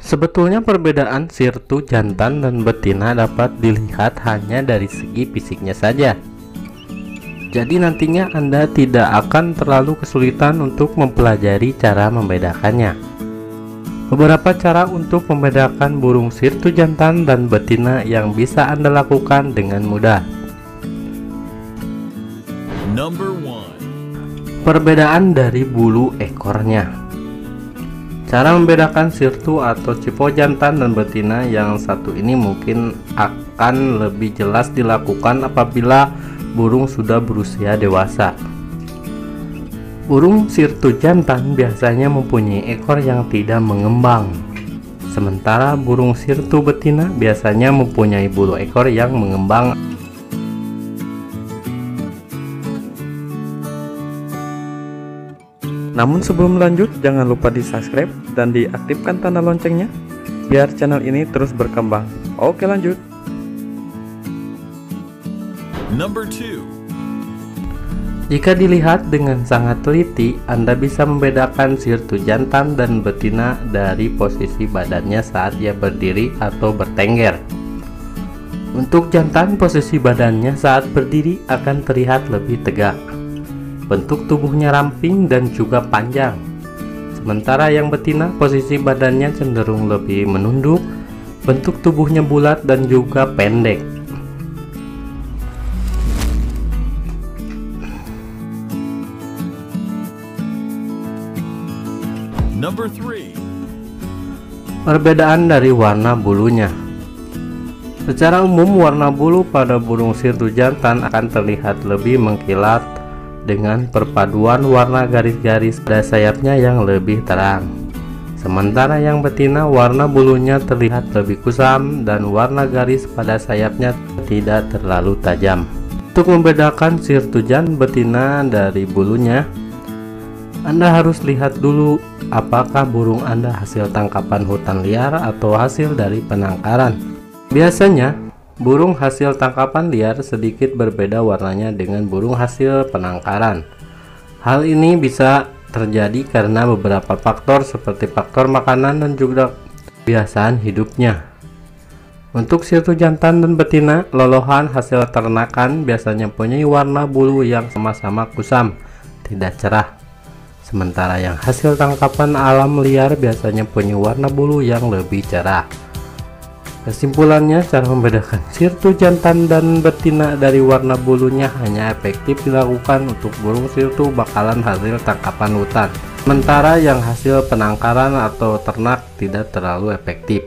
Sebetulnya perbedaan sirtu jantan dan betina dapat dilihat hanya dari segi fisiknya saja. Jadi nantinya Anda tidak akan terlalu kesulitan untuk mempelajari cara membedakannya. Beberapa cara untuk membedakan burung sirtu jantan dan betina yang bisa Anda lakukan dengan mudah. Number one. Perbedaan dari bulu ekornya. Cara membedakan sirtu atau cipo jantan dan betina yang satu ini mungkin akan lebih jelas dilakukan apabila burung sudah berusia dewasa. Burung sirtu jantan biasanya mempunyai ekor yang tidak mengembang. Sementara burung sirtu betina biasanya mempunyai bulu ekor yang mengembang Namun sebelum lanjut, jangan lupa di subscribe dan diaktifkan tanda loncengnya, biar channel ini terus berkembang. Oke lanjut. Number two. Jika dilihat dengan sangat teliti, Anda bisa membedakan sirtu jantan dan betina dari posisi badannya saat ia berdiri atau bertengger. Untuk jantan, posisi badannya saat berdiri akan terlihat lebih tegak, Bentuk tubuhnya ramping dan juga panjang. Sementara yang betina posisi badannya cenderung lebih menunduk, bentuk tubuhnya bulat dan juga pendek. Number three. Perbedaan dari warna bulunya. Secara umum warna bulu pada burung sirtu jantan akan terlihat lebih mengkilat dengan perpaduan warna garis-garis pada sayapnya yang lebih terang. Sementara yang betina warna bulunya terlihat lebih kusam dan warna garis pada sayapnya tidak terlalu tajam. Untuk membedakan sirtujan betina dari bulunya, Anda harus lihat dulu apakah burung Anda hasil tangkapan hutan liar atau hasil dari penangkaran. Biasanya, Burung hasil tangkapan liar sedikit berbeda warnanya dengan burung hasil penangkaran. Hal ini bisa terjadi karena beberapa faktor seperti faktor makanan dan juga kebiasaan hidupnya. Untuk sirtu jantan dan betina, lolohan hasil ternakan biasanya punya warna bulu yang sama-sama kusam, tidak cerah. Sementara yang hasil tangkapan alam liar biasanya punya warna bulu yang lebih cerah. Kesimpulannya, cara membedakan sirtu jantan dan betina dari warna bulunya hanya efektif dilakukan untuk burung sirtu bakalan hasil tangkapan hutan, sementara yang hasil penangkaran atau ternak tidak terlalu efektif.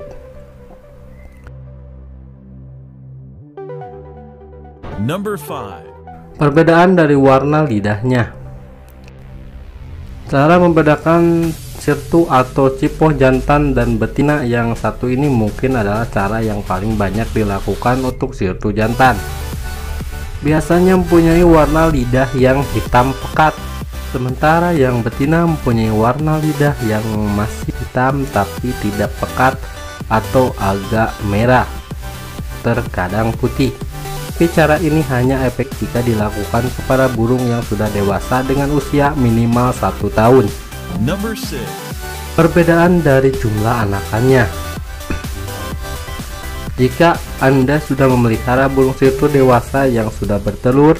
Number five. Perbedaan dari warna lidahnya Cara membedakan sirtu atau cipoh jantan dan betina yang satu ini mungkin adalah cara yang paling banyak dilakukan untuk sirtu jantan biasanya mempunyai warna lidah yang hitam pekat sementara yang betina mempunyai warna lidah yang masih hitam tapi tidak pekat atau agak merah terkadang putih tapi cara ini hanya efek jika dilakukan kepada burung yang sudah dewasa dengan usia minimal satu tahun Number six. Perbedaan dari jumlah anakannya Jika Anda sudah memelihara burung sirtu dewasa yang sudah bertelur,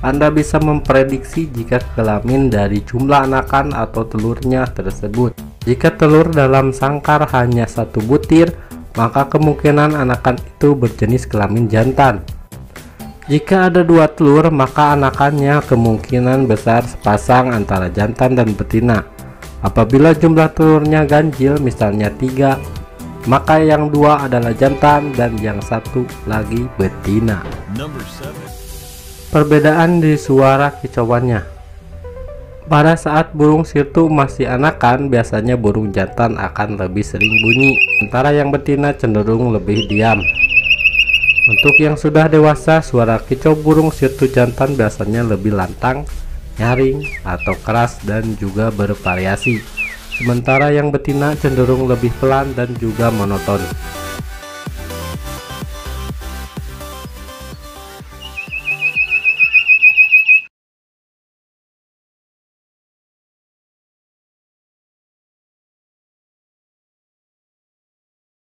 Anda bisa memprediksi jika kelamin dari jumlah anakan atau telurnya tersebut. Jika telur dalam sangkar hanya satu butir, maka kemungkinan anakan itu berjenis kelamin jantan. Jika ada dua telur, maka anakannya kemungkinan besar sepasang antara jantan dan betina. Apabila jumlah telurnya ganjil misalnya 3, maka yang dua adalah jantan dan yang satu lagi betina. Perbedaan di suara kicauannya pada saat burung sirtu masih anakan, biasanya burung jantan akan lebih sering bunyi, sementara yang betina cenderung lebih diam. Untuk yang sudah dewasa, suara kicau burung sirtu jantan biasanya lebih lantang nyaring atau keras dan juga bervariasi. Sementara yang betina cenderung lebih pelan dan juga monoton.